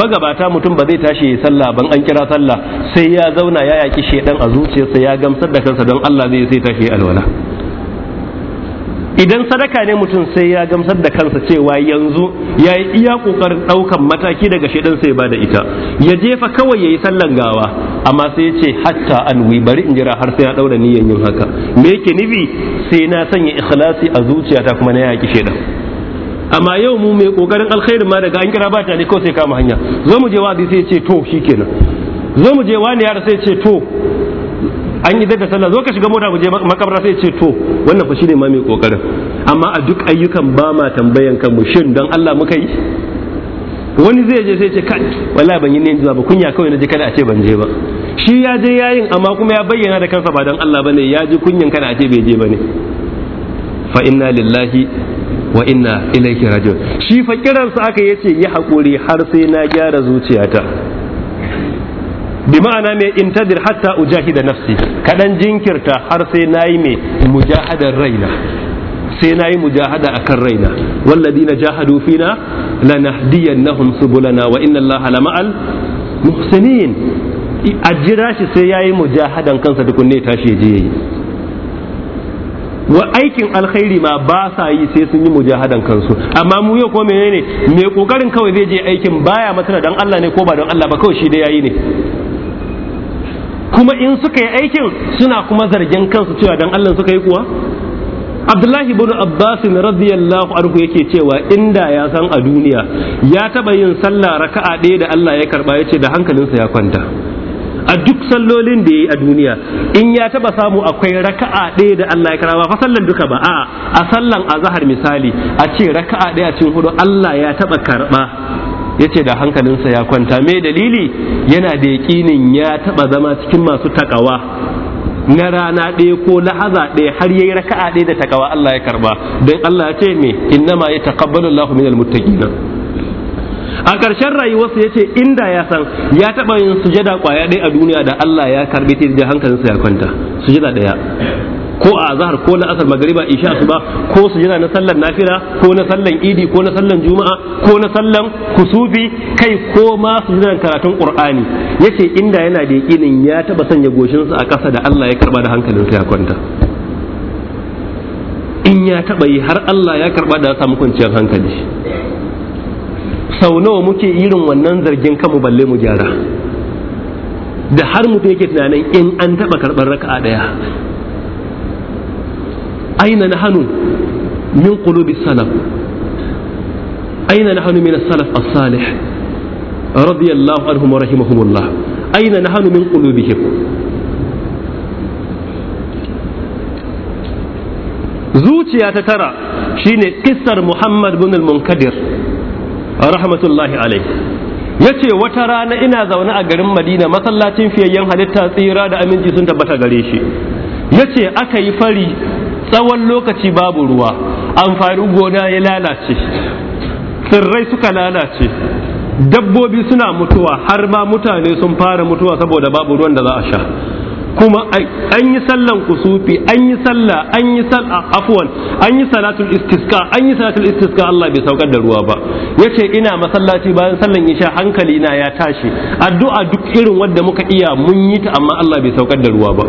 A: magabata mutum ba zai tashi ya sallah ban an kira sallah sai ya zauna ya yaki shedan a zuciyarsa ya gamsar da kansa don Allah zai sai tashi alwala idan sadaka ne mutum sai ya gamsar da kansa cewa yanzu ya yi iya kokarin ɗaukan mataki daga shaidan sai ba da ita ya jefa kawai ya yi sallan gawa amma sai ya ce hatta an bari in jira har sai ya daura niyan yin haka me yake nufi sai na sanya ikhlasi a zuciyata kuma na yaki shaidan amma yau mu mai kokarin alkhairin ma daga an kira ba ta ne kawai sai kama hanya zo mu je bi sai ya ce to shikenan zo mu je ne yara sai ce to an yi da sallah zo ka shiga mota mu je sai ce to wannan fa shine ma mai kokarin amma a duk ayyukan ba ma tambayan kanmu shin dan Allah muka yi wani zai je sai ce ka wallahi ban yi ne ba kunya kawai na je kada a ce ban je ba shi ya je yayin amma kuma ya bayyana da kansa ba dan Allah bane ya ji kunyan kada a ce bai je bane fa inna lillahi wa inna ilaihi rajiun shi fa kiransa aka yace yi hakuri har sai na gyara zuciyata bi ma'ana mai intadir hatta ujahida nafsi kaɗan jinkirta har sai na yi mai mujahadar raina sai na yi mujahada a kan raina walladina jahadu fina lanahdiyannahum subulana wa inna allaha lama'al muhsinin a jira shi sai ya yi mujahadan kansa tukunne tashi je yayi wa aikin alkhairi ma ba sa yi sai sun yi mujahadan kansu amma mu yau ko menene mai kokarin kawai zai je aikin baya masana dan Allah ne ko ba dan Allah ba kawai shi da yayi ne kuma in suka yi aikin suna kuma zargin kansu cewa dan Allah suka yi kuwa Abdullahi ibn Abbas radiyallahu anhu yake cewa inda ya san a duniya ya taba yin sallah raka'a ɗaya da Allah ya karba yace da hankalinsa ya kwanta a duk sallolin da yayi a duniya in ya taba samu akwai raka'a ɗaya da Allah ya kara ba fa sallan duka ba a'a a sallan azhar misali a ce raka'a ɗaya cikin hudu Allah ya taba karba yace ce da hankalinsa ya kwanta mai dalili yana da yaƙinin ya taɓa zama cikin masu takawa na rana ɗaya ko lahaza ɗaya har yayi raka'a ɗaya da takawa Allah ya karba don Allah ya ce me innama ya taqabbalu Allahu minal na. a ƙarshen rayuwarsa ya ce inda ya san ya taɓa yin sujada ƙwaya ɗaya a duniya da Allah ya karɓi ta da hankalinsa ya kwanta sujada ɗaya ko a zahar ko na asar magariba isha su ba ko su jira na sallan nafila ko na sallan idi ko na sallan juma'a ko na sallan kusufi kai ko ma su jira karatun qur'ani yace inda yana da yakinin ya taba sanya goshinsa a ƙasa da Allah ya karba da hankalinsa ya kwanta in ya taba yi har Allah ya karba da samu kwanciyar hankali sau nawa muke irin wannan zargin kanmu balle mu gyara da har mutum yake tunanin in an taba karɓar raka'a ɗaya aina nahanu min qulubi salaf aina nahanu min salaf as-salih radiyallahu anhum wa rahimahumullah aina nahanu min qulubihim zuciya ta tara shine kissar Muhammad bin munkadir rahmatullahi alayhi ya ce wata rana ina zaune a garin madina masallacin fiyayyen halitta tsira da aminci sun tabbata gare shi ya ce aka yi fari tsawon lokaci babu ruwa amfanin gona ya lalace tsirrai suka lalace dabbobi suna mutuwa har ma mutane sun fara mutuwa saboda babu ruwan da za a sha kuma an yi sallan kusufi an yi sallah an yi sallah afwan an yi salatul istisqa an yi salatul istisqa Allah bai saukar da ruwa ba yace ina masallaci bayan sallan isha hankali na ya tashi addu'a duk irin wanda muka iya mun yi ta amma Allah bai saukar da ruwa ba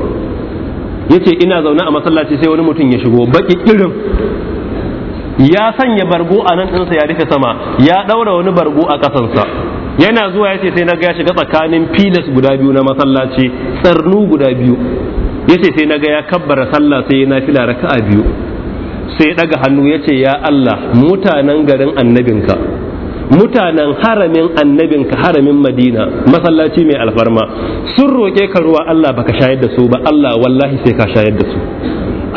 A: yace ina zaune a masallaci sai wani mutum ya shigo baki irin ya sanya bargo a nan ɗinsa ya rufe sama ya ɗaura wani bargo a ƙasansa yana zuwa ya ce sai na ga ya shiga tsakanin filas guda biyu na masallaci tsarnu guda biyu ya ce sai na ga ya kabbara sallah sai na fila raka'a biyu sai ya ɗaga hannu ya ce ya Allah mutanen garin annabinka mutanen haramin annabin ka haramin madina masallaci mai alfarma sun roƙe ka ruwa Allah baka shayar da su ba Allah wallahi sai ka shayar da su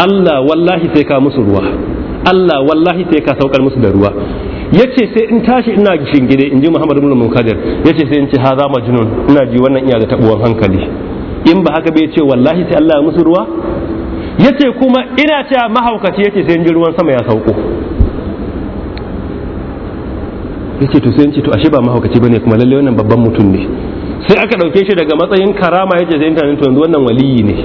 A: Allah wallahi sai ka musu ruwa Allah wallahi sai ka saukar musu da ruwa yace sai in tashi ina shingide in ji Muhammadu ibn Munkadir yace sai in ce haza majnun ina ji wannan iya da tabuwan hankali in ba haka bai ce wallahi sai Allah ya musu ruwa yace kuma ina cewa mahaukaci yace sai in ji ruwan sama ya sauko yace to sai to ashe ba mahaukaci bane kuma lalle wannan babban mutum ne sai aka dauke shi daga matsayin karama yace sai intanet to yanzu wannan waliyi ne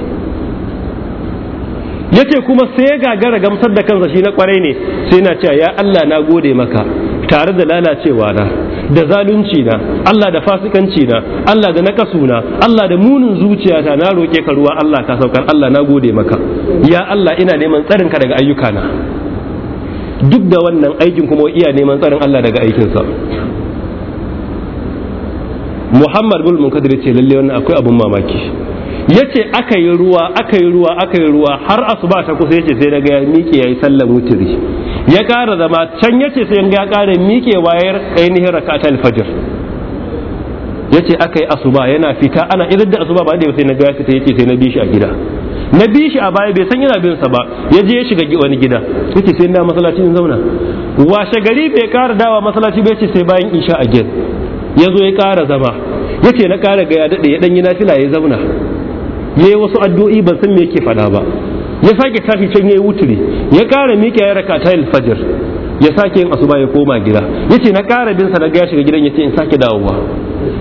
A: yace kuma sai ya gagara gamsar da kansa shi na kwarai ne sai na cewa ya Allah na gode maka tare da lalacewa na da zalunci na Allah da fasikanci na Allah da nakasu na Allah da munin zuciyata na roke ka ruwa Allah ka saukar Allah na gode maka ya Allah ina neman tsarin ka daga ayyukana duk da wannan aikin kuma iya neman tsarin Allah daga aikinsa Muhammad bin Munkadir ce lalle wannan akwai abun mamaki yace aka yi ruwa aka yi ruwa aka yi ruwa har asuba ta kusa yace sai daga ya miƙe yayi sallan mutiri. ya ƙara zama can yace sai ya ƙara miƙe wayar ainihin rakatul fajr yace aka yi asuba yana fita ana idan da asuba ba da sai na ga fita yace sai na bi shi a gida na bi shi a baya bai san yana bin sa ba ya je ya shiga wani gida yace sai na masallaci in zauna washe gari bai kara dawa masallaci bai ce sai bayan isha a gid ya zo ya kara zama yace na kara ga ya dade ya na nafila ya zauna yayi wasu addu'o'i ban san me yake faɗa ba ya sake tashi can yayi wuturi ya kara miƙe ya raka ta fajr ya sake yin asuba ya koma gida yace na kara bin sa na ga ya shiga gidan yace in sake dawowa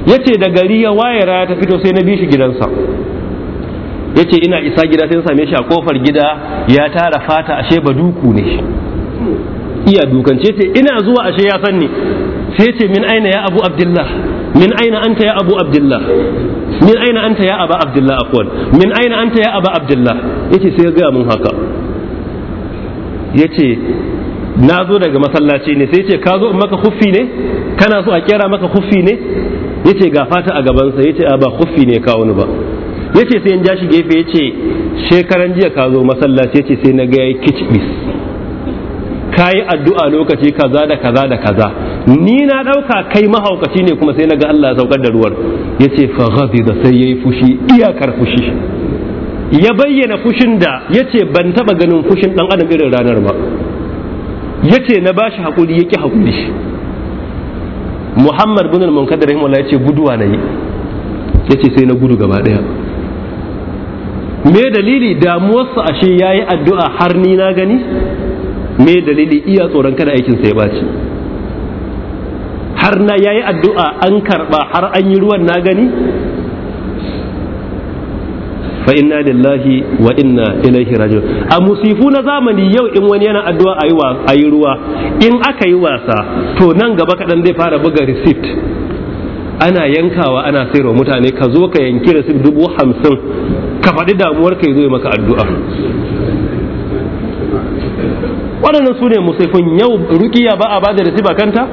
A: yace da gari ya waye raya ta fito sai na bi shi gidansa ya ce ina isa gida sai same shi a kofar gida ya tara fata ashe ba duku ne iya dukance ce ina zuwa ashe ya sanni sai ce min aina ya abu abdullah min aina anta ya abu abdullah min aina anta ya aba abdullah afwan min aina anta ya aba abdullah yace sai ya ga mun haka yace na zo daga masallaci ne sai ce ka zo in maka kuffi ne kana so a kera maka kuffi ne yace ga fata a gaban sa yace a ba kuffi ne kawo ni ba yace sai in ja shi gefe yace shekaran jiya ka zo masallaci yace sai na ga yayi kicbis kayi addu'a lokaci kaza da kaza da kaza ni na dauka kai mahaukaci ne kuma sai na ga Allah ya saukar da ruwan yace fa da sai yayi fushi iyakar fushi ya bayyana fushin da yace ban taba ganin fushin dan adam irin ranar ba yace na bashi hakuri yake hakuri Muhammad bin al-Munkadir rahimahullah yace guduwa nayi yace sai na gudu gaba daya me dalili damuwarsa ashe ya yi addu'a har ni na gani me dalili iya tsoron kada aikinsa ya baci har na ya yi addu'a an karɓa har an yi ruwan na gani fa inna lillahi wa inna ilaihi rajiun a musifu na zamani yau in wani yana addu'a a yi ruwa in aka yi wasa to nan gaba kaɗan zai fara buga receipt ana yankawa ana sayarwa mutane ka zo ka yanki da su dubu hamsin ka faɗi damuwar ka zo maka addu'a waɗannan su ne musaifin yau rukiya ba a bada da ba kanta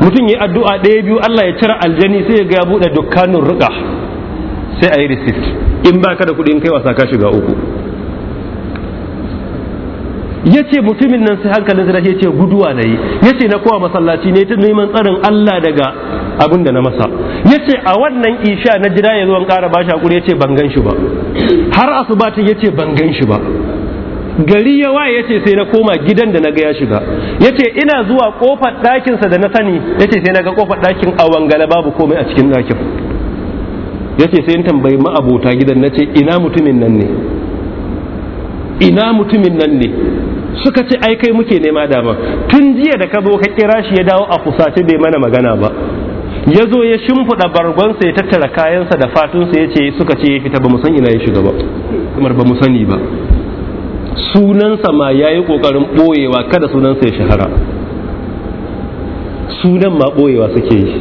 A: mutum yi addu'a ɗaya biyu Allah ya cire aljani sai ya ga buɗe dukkanin ruka sai a yi receipt in ba ka da kuɗin kai wasa ka shiga uku ya ce mutumin nan sai hankalin sai ya ce guduwa na yi ya ce na kowa masallaci ne ta neman tsarin Allah daga abin da na masa ya ce a wannan isha na jira ya zuwan kara bashi hakuri ya ce ban gan shi ba har asubatin ya ce ban gan shi ba gari ya waye ya ce sai na koma gidan da na ga ya shiga ya ce ina zuwa kofar sa da na sani ya ce sai na ga kofar ɗakin a wangala babu komai a cikin ɗakin ya ce sai tambayi ma'abota gidan na ce ina mutumin nan ne ina mutumin nan ne suka ce ai kai muke nema dama tun jiya da ka zo ka kira shi ya dawo a fusace bai mana magana ba ya zo ya shimfiɗa bargonsa ya tattara kayansa da fatunsa ya ce suka ce ya fita ba san ina ya shiga ba kamar ba mu sani ba sunansa ma ya yi ƙoƙarin ɓoyewa kada sunansa ya shahara sunan ma ɓoyewa suke yi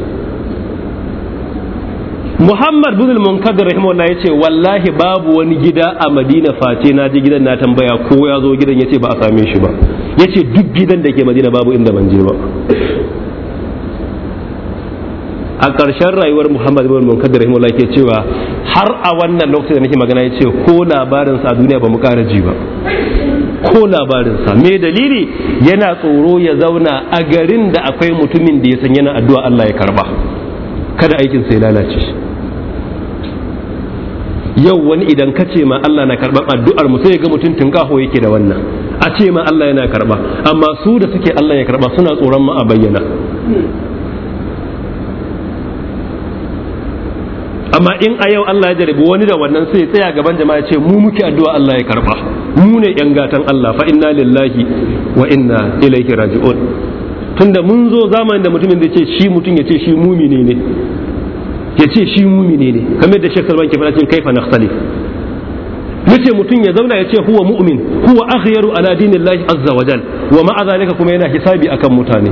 A: muhammad bin munkadir rahimahullah yace wallahi babu wani gida a madina face na je gidan na tambaya ko ya zo gidan yace ba a same shi ba yace duk gidan da ke madina babu inda ban je ba a ƙarshen rayuwar muhammad bin munkadir rahimahullah ke cewa har a wannan lokacin da nake magana yace ko labarin sa a duniya ba mu ƙara ji ba ko labarinsa me dalili yana tsoro ya zauna a garin da akwai mutumin da ya san yana addu'a Allah ya karba kada aikin sai lalace yau wani idan ka ce ma Allah na karɓar addu'ar mu sai ga mutum kaho yake da wannan a ce ma Allah yana karɓa amma su da suke Allah ya karɓa suna tsoron ma a bayyana amma in a yau Allah ya jarabi wani da wannan sai tsaya gaban jama'a ce mu muke addu'a Allah ya karɓa mu ne yan gatan Allah fa lillahi wa inna ilaihi raji'un tunda mun zo zamanin da mutumin da ce shi mutum ya ce shi mumini ne ya ce shi mumini ne kamar da Sheikh Salman ke cin kaifa nakhtali yace mutum ya zauna ya ce huwa mu'min huwa akhyaru ala dinillahi azza wajal wa ma'a zalika kuma yana hisabi akan mutane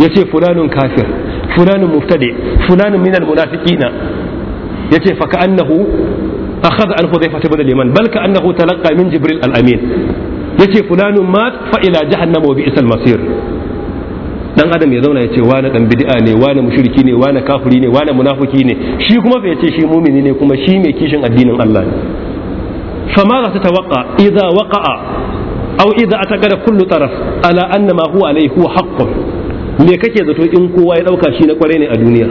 A: yace fulanun kafir fulanun mubtadi fulanun minal munafiqina yace fa ka'annahu akhadha an hudhayfa ibn al-yaman bal ka'annahu talaqqa min jibril al-amin yace fulanun mat fa ila jahannama wa bi'sal masir dan adam ya zauna ya ce wani dan bid'a ne wani mushriki ne wani kafiri ne wani munafiki ne shi kuma bai ce shi mumini ne kuma shi mai kishin addinin Allah ne ma za ta tawaka idza waqa'a aw idza ataqara kullu taraf ala anna ma huwa alayhi huwa haqqun me kake zato in kowa ya dauka shi na kware ne a duniya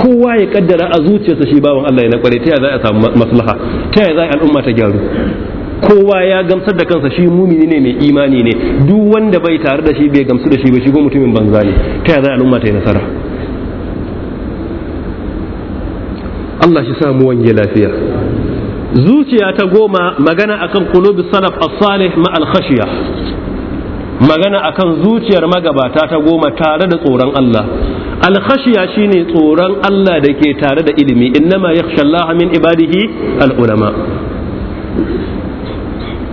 A: kowa ya kaddara a zuciyarsa shi bawan Allah ya na kware ta ya za a samu maslaha ta ya za al'umma ta gyaru kowa ya gamsar da kansa shi mumini ne mai imani ne duk wanda bai tare da shi bai gamsu da shi ba shi ko mutumin banza ne ta yaya al'umma ta yi nasara Allah shi samu wange lafiya zuciya ta goma magana akan kulubi salaf as-salih ma al-khashiya magana akan zuciyar magabata ta goma tare da tsoron Allah al alkhashiya shine tsoron Allah da ke tare da ilimi innama Allah min ibadihi al-ulama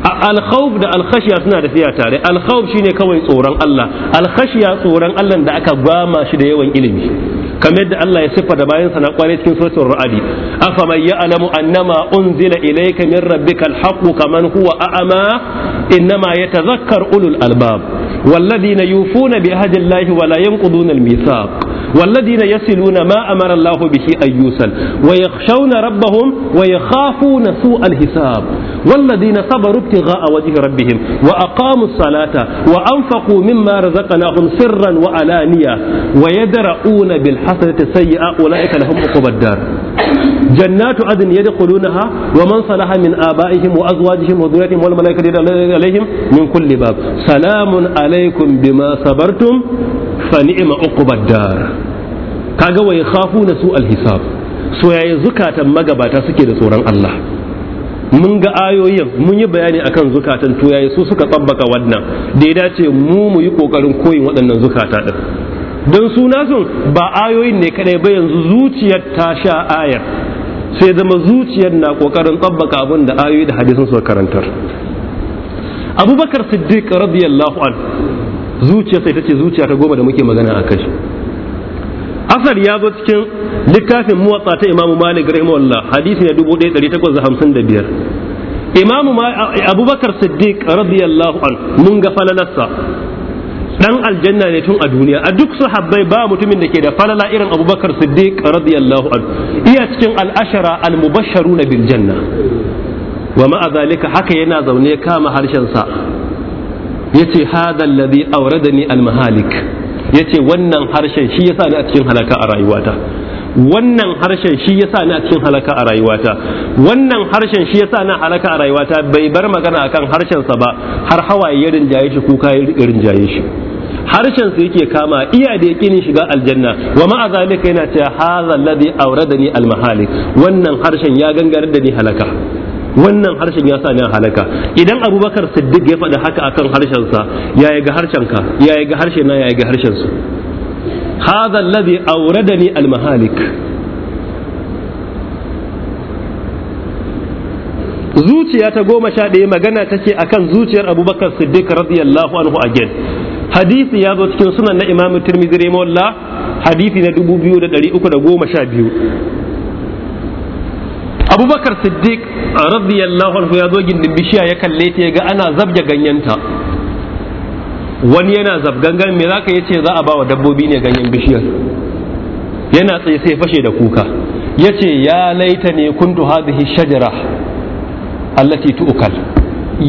A: alkhawf da alkhashiya suna da siya tare alkhawf shine kawai tsoron Allah alkhashiya tsoron Allah da aka gwama shi da yawan ilimi kamar yadda Allah ya siffa da bayan sana kware cikin suratul ra'adi afaman ya'lamu annama unzila ilayka min rabbika alhaqqu kaman huwa a'ama innama yatadhakkaru ulul albab والذين يوفون بعهد الله ولا ينقضون الميثاق والذين يصلون ما أمر الله به أن يوصل ويخشون ربهم ويخافون سوء الحساب walladina sabaru ibtigha wajhi rabbihim wa aqamu salata wa anfaqu mimma razaqnahum sirran wa alaniya wa yadra'una bil hasanati sayyi'a ulaika lahum uqubad dar جنات عدن يدخلونها ومن صلح من آبائهم وأزواجهم وذريتهم والملائكة عليهم من كل باب سلام عليكم بما صبرتم فنعم عقب الدار kaga wa yakhafuna su alhisab so yayin zukatan magabata suke da tsoron Allah mun ga ayoyin mun yi bayani akan zukatan tuyaye su suka tsabbaka wannan da ya dace mu mu yi kokarin koyin waɗannan zukata din don su sun ba ayoyin ne kadai ba yanzu zuciyar ta sha ayar sai zama zuciyar na kokarin tsabbaka abin da ayoyi da hadisin suka karantar abubakar siddiq radiyallahu an zuciyar sai ta ce zuciya ta goma da muke magana a kai asar ya zo cikin littafin muwatsa ta imamu malik rahimahullah hadisi na 1855 imamu abubakar siddiq radiyallahu an mun ga falalarsa dan aljanna ne tun a duniya a duk sahabbai ba mutumin da ke da falala irin abubakar siddiq radiyallahu an iya cikin al'ashara al-mubashsharuna na birjanna wa ma'a zalika haka yana zaune kama harshensa yace hadha alladhi awradani al-mahalik ya ce wannan harshen shi ya sa ni a cikin halaka a rayuwata wannan harshen shi ya sa ni a cikin halaka a rayuwata wannan harshen shi ya sa ni halaka a rayuwata bai bar magana akan sa ba har hawaye ya rinjaye shi kuka ya rinjaye shi harshen su yake kama iya da nin shiga aljanna wa ma'a zalika yana cewa hadha alladhi awradani almahalik wannan harshen ya gangarar da ni halaka wannan harshen ya sa ni halaka idan abubakar siddiq ya faɗi haka akan harshensa ya yi ga harshenka ya yi ga harshe na ya ga harshen su hadha alladhi awradani almahalik zuciya ta goma sha ɗaya magana take akan zuciyar abubakar siddiq radiyallahu anhu again hadisi ya zo cikin sunan na imam tirmidhi rahimahullah hadisi na 2312 abubakar siddiq radiyallahu anhu ya zo gindin bishiya ya kalle ta ya ga ana zabja ganyenta wani yana zabgangan me zaka yace za a bawa dabbobi ne ganyen bishiyar yana tsaye sai fashe da kuka yace ya laita ne kuntu hadhihi shajara allati tuukal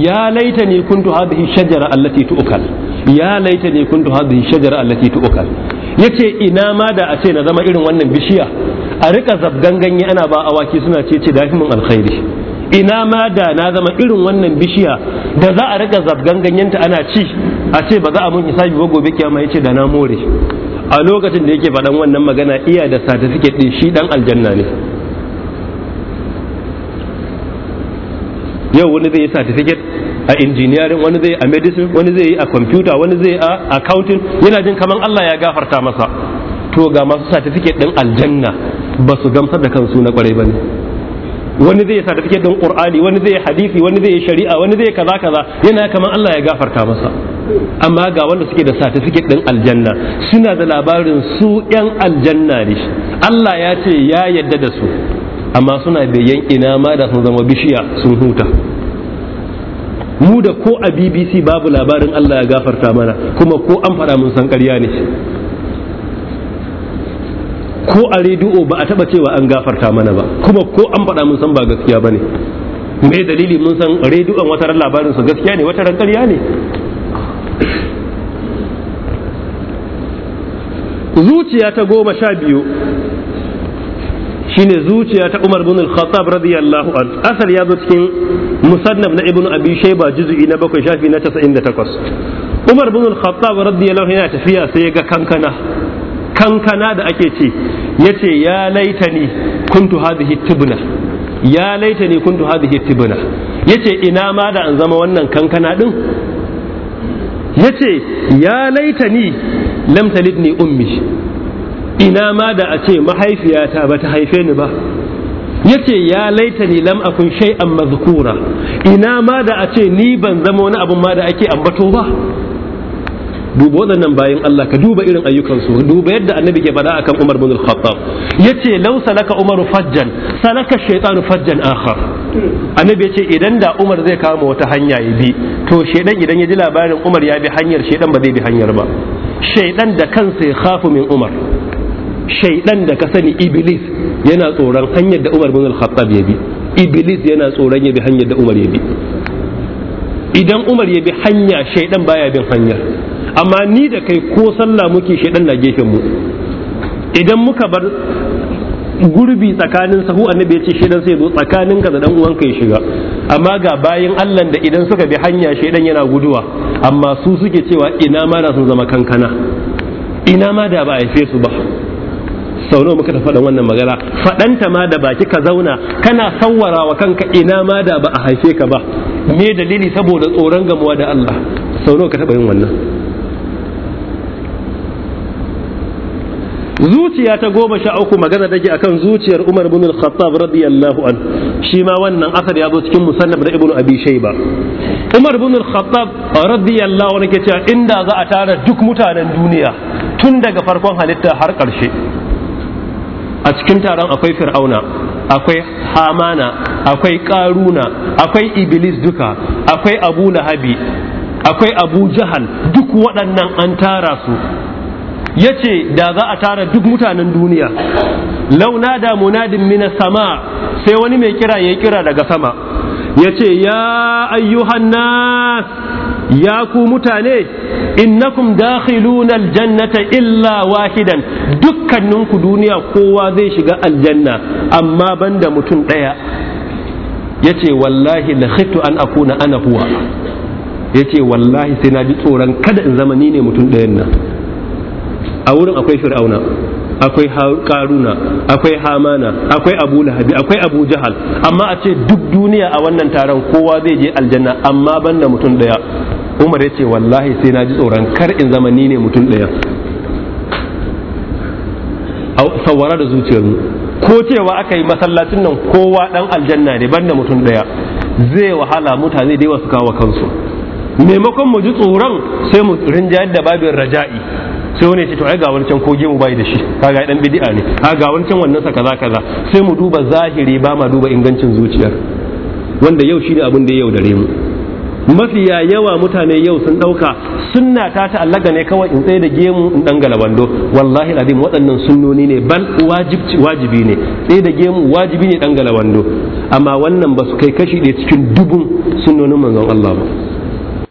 A: ya laita ne kuntu hadhihi shajara allati tuukal ya laita ne kuntu hadhihi shajara allati tuukal yace ina ma da a ce na zama irin wannan bishiya a rika zabgan ganye ana ba awaki suna ce ce dafi mun alkhairi ina ma da na zama irin wannan bishiya da za a rika zabgan ganyenta ana ci a ce ba za a mun hisabi ba gobe kiyama yace da na more a lokacin da yake faɗan wannan magana iya da certificate din shi dan aljanna ne yau wani zai yi certificate a engineering wani zai yi a medicine wani zai yi a computer wani zai yi a accounting yana jin kaman Allah ya gafarta masa to ga masu certificate din aljanna ba su gamsar da kansu na kwarai ba ne wani zai sa da don qur'ani wani zai hadisi wani zai shari'a wani zai kaza kaza yana kamar Allah ya gafarta masa amma ga wanda suke da suke din aljanna suna da labarin su yan aljanna ne Allah ya ce ya yadda da su amma suna bayan ina ma da sun zama bishiya sun huta mu da ko a BBC babu labarin Allah ya gafarta mana kuma ko an fara mun san ƙarya ne ko a rediyo ba a taba cewa an gafarta mana ba kuma ko an faɗa mun san ba gaskiya ba ne me dalili mun san rediyon wata ran labarin su gaskiya ne wata ran ƙarya ne zuciya ta goma sha biyu shine zuciya ta Umar bin Al-Khattab radiyallahu an asar ya zo cikin musannaf na ibnu Abi Shayba juz'i na bakwai shafi na 98 Umar bin Al-Khattab radiyallahu yana tafiya sai ya ga kankana kankana da ake ce yace ya laitani kuntu hadhihi tibna ya laitani kuntu hadhihi tibna yace ina ma da an zama wannan kankana din yace ya laitani lam talidni ummi ina ma da a ce mahaifiyata ba ta haife ni ba yace ya laitani lam akun shay'an mazkura ina ma da a ce ni ban zama wani abun ma da ake ambato ba duba waɗannan bayan Allah ka duba irin ayyukansu duba yadda annabi ke faɗa akan Umar bin Al-Khattab yace law salaka Umar fajjan salaka shaytan fajjan akhar annabi yace idan da Umar zai kama wata hanya ya bi to shaydan idan ya ji labarin Umar ya bi hanyar shaydan ba zai bi hanyar ba shaydan da kansa ya khafu min Umar shaydan da ka sani iblis yana tsoron hanyar da Umar bin Al-Khattab ya bi iblis yana tsoron ya bi hanyar da Umar ya bi idan Umar ya bi hanya shaydan baya bin hanyar amma ni da kai ko sallah muke shedan na gefen mu idan muka bar gurbi tsakanin sahu annabi ya ce shedan sai zo tsakanin ka da dan uwanka ya shiga amma ga bayin Allah da idan suka bi hanya shedan yana guduwa amma su suke cewa ina ma da sun zama kankana ina ma da ba a haife su ba sau nawa muka tafi wannan magana faɗanta ma da baki ka zauna kana sawwara wa kanka ina ma da ba a haife ka ba me dalili saboda tsoron gamuwa da Allah sau nawa ka taɓa yin wannan zuciya ta goma sha uku magana a kan zuciyar Umar bin Al-Khattab radiyallahu an shi ma wannan asar ya zo cikin musannaf da Ibn Abi Shayba Umar bin Al-Khattab radiyallahu an ke cewa inda za a tara duk mutanen duniya tun daga farkon halitta har karshe. a cikin taron akwai Fir'auna akwai Hamana akwai Karuna akwai Iblis duka akwai Abu Lahabi akwai Abu Jahal duk waɗannan an tara su Yace da za a tara duk mutanen duniya launa da munadin mina sama sai wani mai kira ya kira daga sama Yace, ce ya ayyuhan nas ya ku mutane innakum dakhiluna aljannata illa wahidan dukkaninku duniya kowa zai shiga aljanna amma banda mutum ɗaya ya ce wallahi lakhittu an akuna ana huwa ya wallahi sai na ji tsoron kada in zama ni ne mutum ɗayan nan a wurin akwai fir'auna akwai karuna akwai hamana akwai abu lahabi akwai abu jahal amma a ce duk duniya a wannan taron kowa zai je aljanna amma ban da mutum daya umar ya ce wallahi sai na ji tsoron kar in zama ni ne mutum daya Saurara da zuciyarmu ko cewa aka yi masallacin nan kowa dan aljanna ne ban da mutum daya zai wahala mutane da yawa su kawo kansu maimakon mu ji tsoron sai mu rinjayar da babin raja'i sai wani ce to ai ga wancan ko gemu bai da shi kaga dan bid'a ne a ga wancan wannan sa kaza kaza sai mu duba zahiri ba ma duba ingancin zuciyar wanda yau shi da abin da ya yaudare mu mafiya yawa mutane yau sun ɗauka sunna ta ta'allaka ne kawai in tsaye da gemu in dan galabando wallahi ladin waɗannan sunnoni ne bal wajibi ne tsaye da gemu wajibi ne dan galabando amma wannan ba su kai kashi ɗaya cikin dubun sunnonin manzon Allah ba